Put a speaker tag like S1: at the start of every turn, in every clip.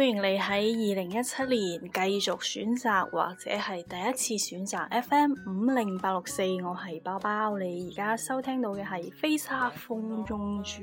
S1: 歡迎你喺二零一七年繼續選擇，或者係第一次選擇 FM 五零八六四。我係包包，你而家收聽到嘅係《飛沙風中
S2: 住》。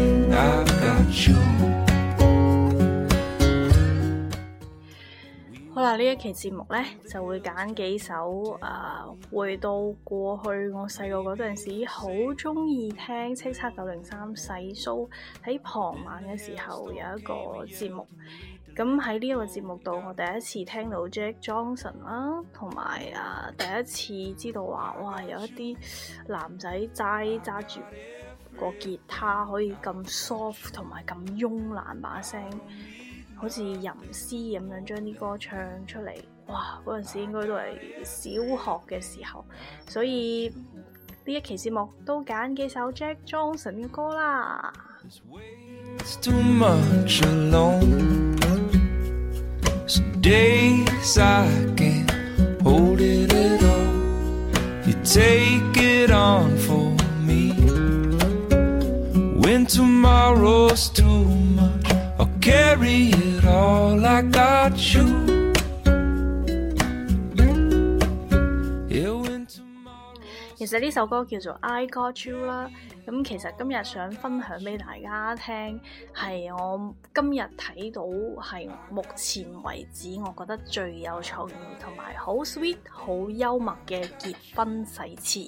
S1: 好啦，呢一期節目呢，就會揀幾首啊、呃，回到過去我細個嗰陣時好中意聽《叱吒九零三》細蘇喺傍晚嘅時候有一個節目，咁喺呢個節目度，我第一次聽到 Jack Johnson 啦、啊，同埋啊第一次知道話哇有一啲男仔齋揸住個吉他可以咁 soft 同埋咁慵懶把聲。好似吟詩咁樣將啲歌唱出嚟，哇！嗰陣時應該都係小學嘅時候，所以呢一期節目都揀幾首 Jack
S2: Johnson 嘅歌啦。
S1: 其實呢首歌叫做 I Got You 啦，咁其實今日想分享俾大家聽，係我今日睇到係目前為止我覺得最有創意同埋好 sweet、好幽默嘅結婚誓詞。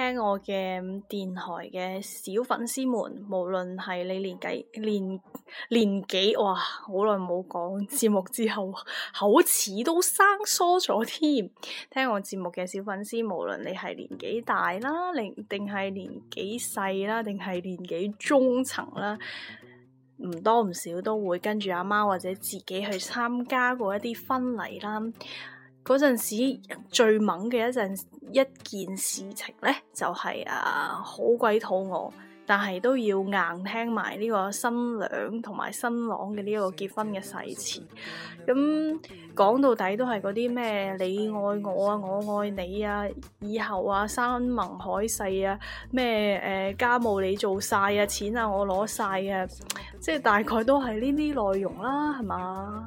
S1: 聽我嘅電台嘅小粉絲們，無論係你年紀年，年紀，哇，好耐冇講節目之後，口齒都生疏咗添。聽我節目嘅小粉絲，無論你係年紀大啦，定係年紀細啦，定係年紀中層啦，唔多唔少都會跟住阿媽或者自己去參加過一啲婚禮啦。嗰陣時最猛嘅一陣一件事情呢，就係、是、啊好鬼肚餓，但係都要硬聽埋呢個新娘同埋新郎嘅呢個結婚嘅誓詞。咁講到底都係嗰啲咩你愛我啊，我愛你啊，以後啊山盟海誓啊，咩誒、啊、家務你做晒啊，錢啊我攞晒啊，即、就、係、是、大概都係呢啲內容啦，係嘛？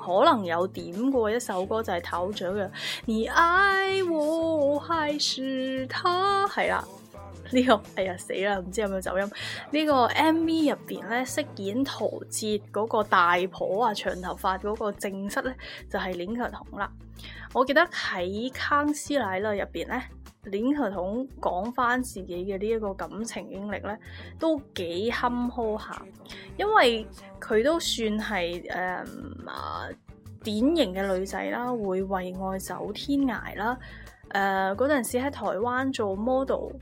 S1: 可能有點過一首歌就係頭獎嘅，你愛我還是,是他？係啦，呢、這個哎呀死啦，唔知有冇走音。這個、呢個 MV 入邊咧飾演陶喆嗰個大婆啊長頭髮嗰個正室咧就係拎頭筒啦。我記得喺康師奶啦入邊咧。Link 講翻自己嘅呢一個感情經歷呢，都幾坎坷下，因為佢都算係誒啊典型嘅女仔啦，會為愛走天涯啦。誒嗰陣時喺台灣做 model、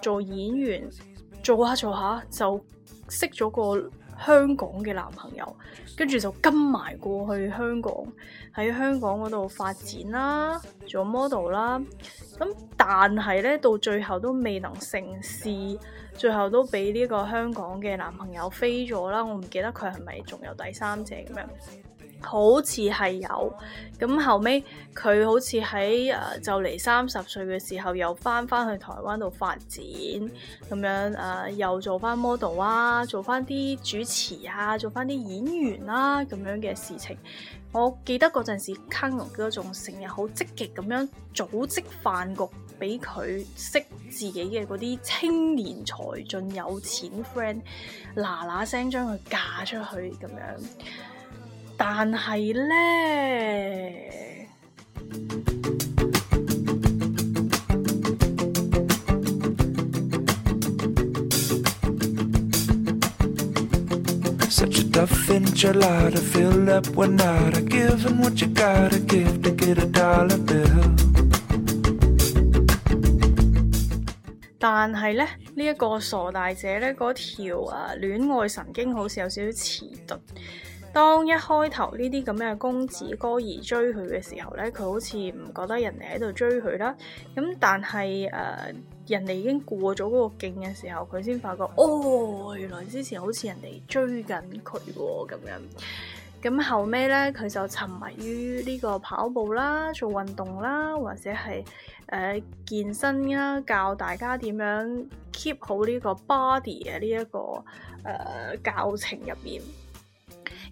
S1: 做演員，做下、啊、做下、啊啊、就識咗個香港嘅男朋友，跟住就跟埋過去香港，喺香港嗰度發展啦，做 model 啦。咁但係咧，到最後都未能成事，最後都俾呢個香港嘅男朋友飛咗啦。我唔記得佢係咪仲有第三者咁樣。好似係有，咁後尾，佢好似喺誒就嚟三十歲嘅時候，又翻翻去台灣度發展咁樣誒、呃，又做翻 model 啊，做翻啲主持啊，做翻啲演員啊。咁樣嘅事情。我記得嗰陣時 k e 哥仲成日好積極咁樣組織飯局，俾佢識自己嘅嗰啲青年才俊、有錢 friend，嗱嗱聲將佢嫁出去咁樣。但係
S2: 咧，但係咧，呢一個傻
S1: 大姐咧，嗰條啊戀愛神經好似有少少遲鈍。當一開頭呢啲咁嘅公子哥兒追佢嘅時候呢，佢好似唔覺得人哋喺度追佢啦。咁但係誒，人哋已經過咗嗰個勁嘅時候，佢先、呃、發覺哦，原來之前好似人哋追緊佢咁樣。咁、嗯、後尾呢，佢就沉迷於呢個跑步啦、做運動啦，或者係誒、呃、健身啦，教大家點樣 keep 好呢個 body 嘅呢一個誒、呃、教程入面。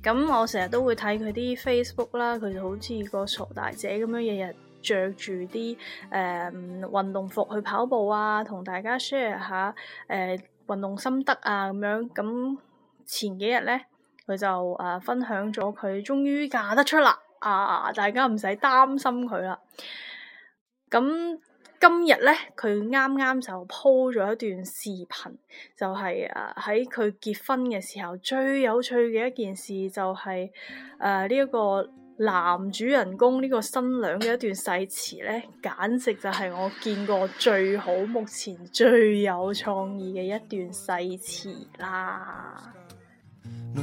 S1: 咁我成日都會睇佢啲 Facebook 啦，佢就好似個傻大姐咁樣，日日着住啲誒運動服去跑步啊，同大家 share 下誒、呃、運動心得啊咁樣。咁前幾日咧，佢就誒、呃、分享咗佢終於嫁得出啦啊！大家唔使擔心佢啦。咁。今日咧，佢啱啱就 po 咗一段視頻，就係誒喺佢結婚嘅時候，最有趣嘅一件事就係誒呢一個男主人公呢個新娘嘅一段誓詞咧，簡直就係我見過最好、目前最有創意嘅一段誓詞啦。
S2: No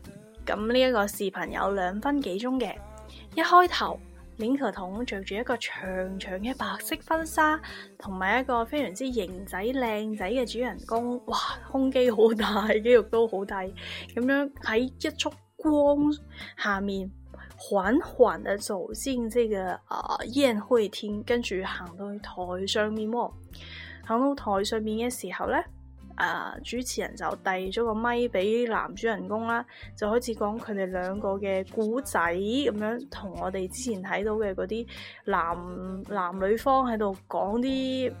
S1: 咁呢一個視頻有兩分幾鐘嘅，一開頭，領頭筒着住一個長長嘅白色婚紗，同埋一個非常之型仔靚仔嘅主人公，哇，胸肌好大，肌肉都好大，咁樣喺一束光下面緩緩地走進這個啊宴會廳，跟住行到去台上面喎，行到台上面嘅時候呢。啊、呃！主持人就遞咗個咪俾男主人公啦、啊，就開始講佢哋兩個嘅故仔咁樣，同我哋之前睇到嘅嗰啲男男女方喺度講啲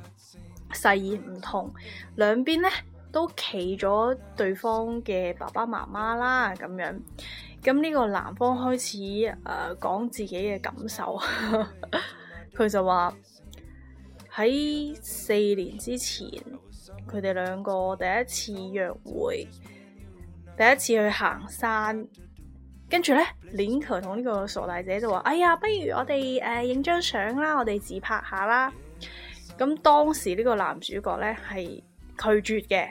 S1: 誓言唔同，兩邊呢都企咗對方嘅爸爸媽媽啦咁樣。咁呢個男方開始誒、呃、講自己嘅感受，佢 就話喺四年之前。佢哋兩個第一次約會，第一次去行山，跟住咧，Linker 同呢個傻大姐就話：哎呀，不如我哋誒影張相啦，我哋自拍下啦。咁當時呢個男主角咧係拒絕嘅，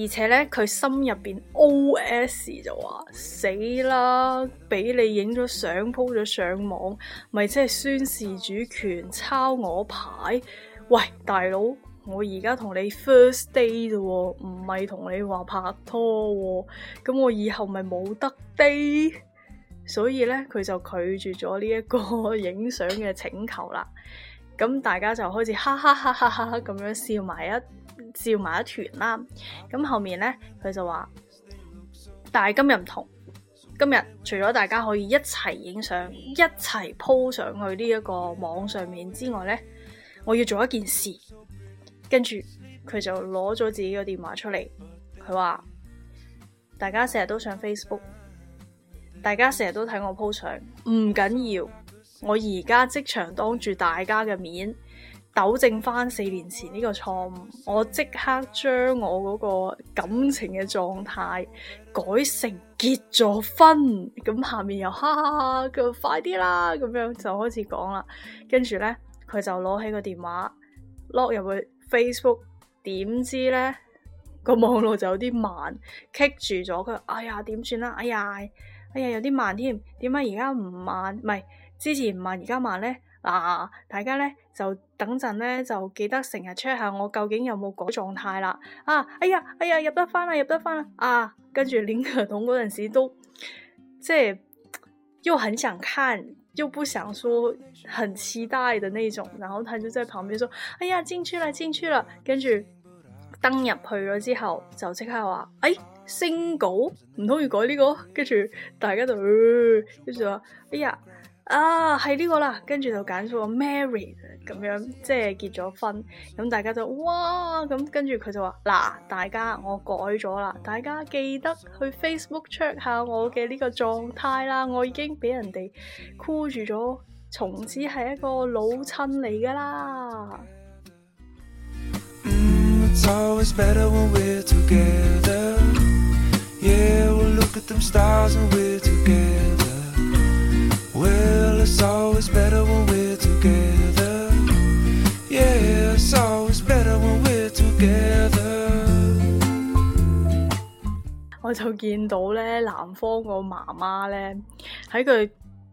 S1: 而且咧佢心入邊 O.S. 就話：死啦，俾你影咗相，鋪咗上網，咪即係宣示主權，抄我牌，喂大佬！我而家同你 first date 啫、哦，唔係同你話拍拖咁、哦，我以後咪冇得 day， 所以咧佢就拒絕咗呢一個影相嘅請求啦。咁大家就開始哈哈哈咁樣笑埋一笑埋一團啦。咁後面咧佢就話，但係今日唔同，今日除咗大家可以一齊影相，一齊鋪上去呢一個網上面之外咧，我要做一件事。跟住佢就攞咗自己個電話出嚟，佢話大家成日都上 Facebook，大家成日都睇我 po 相，唔緊要，我而家即場當住大家嘅面糾正返四年前呢個錯誤，我即刻將我嗰個感情嘅狀態改成結咗婚，咁下面又哈哈哈哈，佢話快啲啦，咁樣就開始講啦，跟住呢，佢就攞起個電話 lock 入去。Facebook 點知咧，這個網絡就有啲慢，棘住咗佢。哎呀，點算啦？哎呀，哎呀有啲慢添。點解而家唔慢？唔係之前唔慢而家慢咧？嗱，啊，大家咧就等陣咧就記得成日 check 下我究竟有冇改狀態啦。啊，哎呀，哎呀入得翻啦，入得翻啦！跟住 link 同嗰陣時都即係又很想看。就不想說很期待的那種，然後他就在旁邊說，哎呀，進去了，進去了。跟住，登入去咗之後，就即刻話，哎，升稿，唔通要改呢個？跟住，大家就，跟住話，哎呀。.啊，係呢個啦，跟住就揀咗個 married 咁樣，即係結咗婚，咁大家就哇，咁跟住佢就話，嗱，大家我改咗啦，大家記得去 Facebook check 下我嘅呢個狀態啦，我已經俾人哋箍住咗，從此係一個老襯嚟噶啦。
S2: Mm,
S1: 我就見到咧，男方個媽媽咧喺佢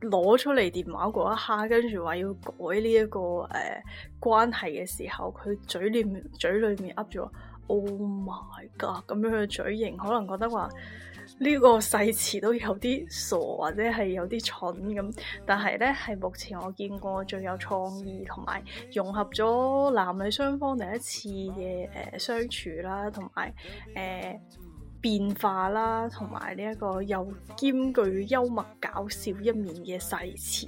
S1: 攞出嚟電話嗰一刻，跟住話要改呢、這、一個誒、呃、關係嘅時候，佢嘴裏面嘴裏面噏住話：Oh my god！咁樣佢嘅嘴型，可能覺得話呢、這個誓詞都有啲傻，或者係有啲蠢咁。但係咧，係目前我見過最有創意同埋融合咗男女雙方第一次嘅誒、呃、相處啦，同埋誒。呃
S2: 變化啦，同埋呢一個又兼具幽默搞笑一面嘅細節。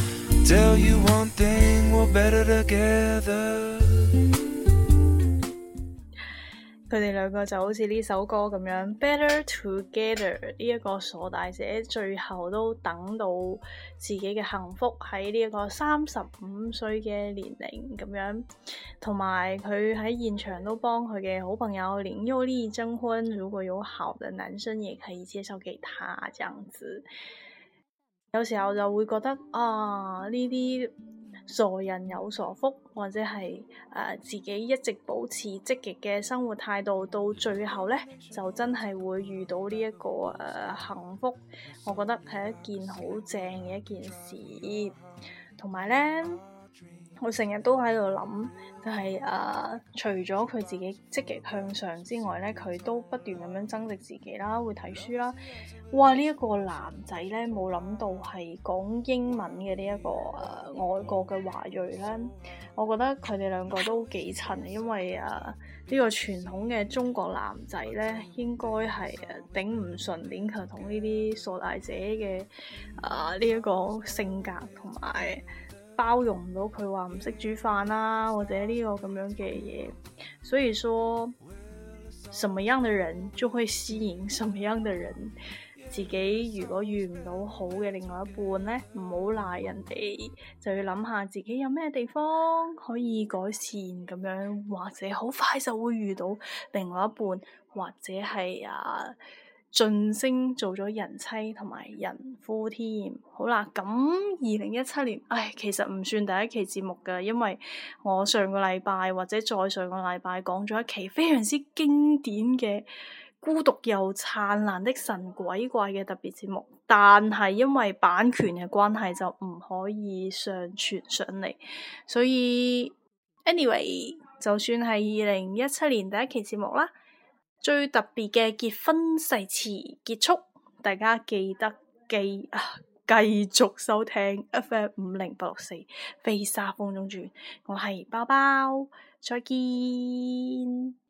S2: Tell you one thing, we're better together.
S1: 佢哋兩個就好似呢首歌咁樣，Better Together。呢一個傻大姐，最後都等到自己嘅幸福喺呢一個三十五歲嘅年齡咁樣，同埋佢喺現場都幫佢嘅好朋友連優呢。徵婚，如果有好嘅男生也可以接受，給他，這樣子。.有時候就會覺得啊，呢啲傻人有傻福，或者係誒、呃、自己一直保持積極嘅生活態度，到最後咧就真係會遇到呢、這、一個誒、呃、幸福。我覺得係一件好正嘅一件事，同埋咧。我成日都喺度諗，就係誒，除咗佢自己積極向上之外咧，佢都不斷咁樣增值自己啦，會睇書啦。哇！呢、這、一個男仔咧，冇諗到係講英文嘅呢一個誒、啊、外國嘅華裔咧。我覺得佢哋兩個都幾襯，因為誒呢、啊這個傳統嘅中國男仔咧，應該係誒頂唔順 l i 同呢啲傻大姐嘅誒呢一個性格同埋。包容唔到佢，話唔識煮飯啦，啊，或者呢個咁樣嘅嘢，所以說什麼樣嘅人就會吸引什麼樣嘅人。自己如果遇唔到好嘅另外一半呢，唔好賴人哋，就要諗下自己有咩地方可以改善咁樣，或者好快就會遇到另外一半，或者係啊。晉升做咗人妻同埋人夫添，好啦，咁二零一七年，唉，其實唔算第一期節目㗎，因為我上個禮拜或者再上個禮拜講咗一期非常之經典嘅《孤獨又燦爛的神鬼怪》嘅特別節目，但係因為版權嘅關係就唔可以上傳上嚟，所以 anyway，就算係二零一七年第一期節目啦。最特別嘅結婚誓詞結束，大家記得記啊，繼續收聽 FM 五零八六四《飛沙風中轉》，我係包包，再見。